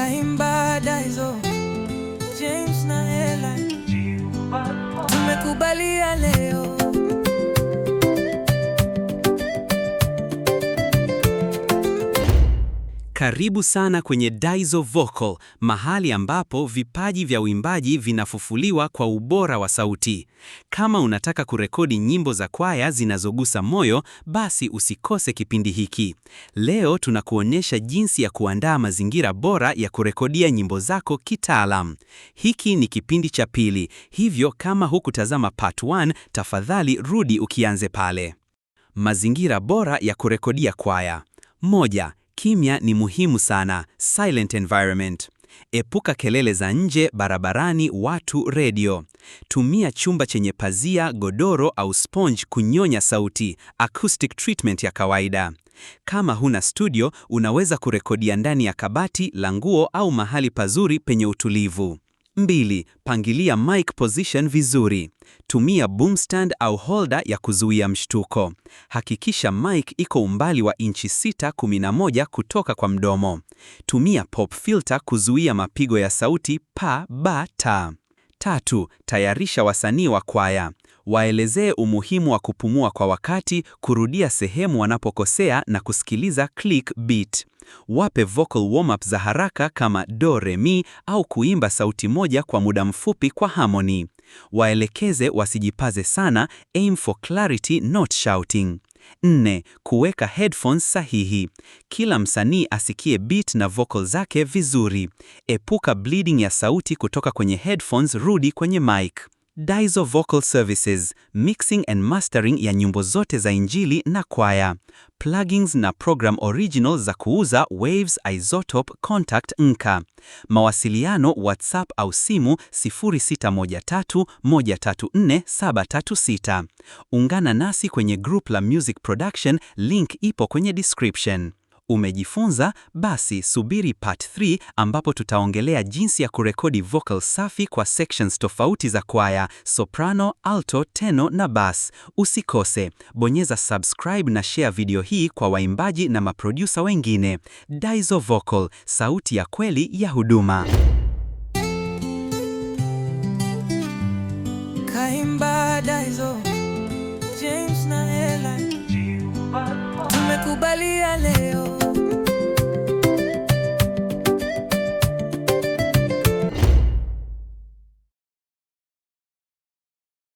Naimba Daizo, James na Ela, tumekubalia leo Karibu sana kwenye Daizo Vocal, mahali ambapo vipaji vya uimbaji vinafufuliwa kwa ubora wa sauti. Kama unataka kurekodi nyimbo za kwaya zinazogusa moyo, basi usikose kipindi hiki. Leo tunakuonyesha jinsi ya kuandaa mazingira bora ya kurekodia nyimbo zako kitaalam. Hiki ni kipindi cha pili, hivyo kama hukutazama part 1, tafadhali rudi ukianze pale. Mazingira bora ya kurekodia kwaya. Moja, Kimya ni muhimu sana, silent environment. Epuka kelele za nje, barabarani, watu, redio. Tumia chumba chenye pazia, godoro au sponge kunyonya sauti, acoustic treatment ya kawaida. Kama huna studio, unaweza kurekodia ndani ya kabati la nguo au mahali pazuri penye utulivu. 2. Pangilia mic position vizuri. Tumia boom stand au holder ya kuzuia mshtuko. Hakikisha mic iko umbali wa inchi 6.11 kutoka kwa mdomo. Tumia pop filter kuzuia mapigo ya sauti pa, ba, ta. Tatu, tayarisha wasanii wa kwaya waelezee umuhimu wa kupumua kwa wakati, kurudia sehemu wanapokosea na kusikiliza click beat. Wape vocal warm up za haraka kama do re mi au kuimba sauti moja kwa muda mfupi kwa harmony. Waelekeze wasijipaze sana, aim for clarity not shouting. Nne, kuweka headphones sahihi. Kila msanii asikie beat na vocal zake vizuri. Epuka bleeding ya sauti kutoka kwenye headphones, rudi kwenye mic. Daizo Vocal Services, mixing and mastering ya nyimbo zote za injili na kwaya, plugins na program original za kuuza Waves Isotope Contact Nka. Mawasiliano WhatsApp au simu 0613134736. Ungana nasi kwenye group la music production, link ipo kwenye description. Umejifunza? Basi subiri part 3 ambapo tutaongelea jinsi ya kurekodi vocal safi kwa sections tofauti za kwaya: soprano, alto, tenor na bass. Usikose, bonyeza subscribe na share video hii kwa waimbaji na maprodusa wengine. Daizo Vocal, sauti ya kweli ya huduma. Kaimba Daizo, James na Ella. Tumekubalia leo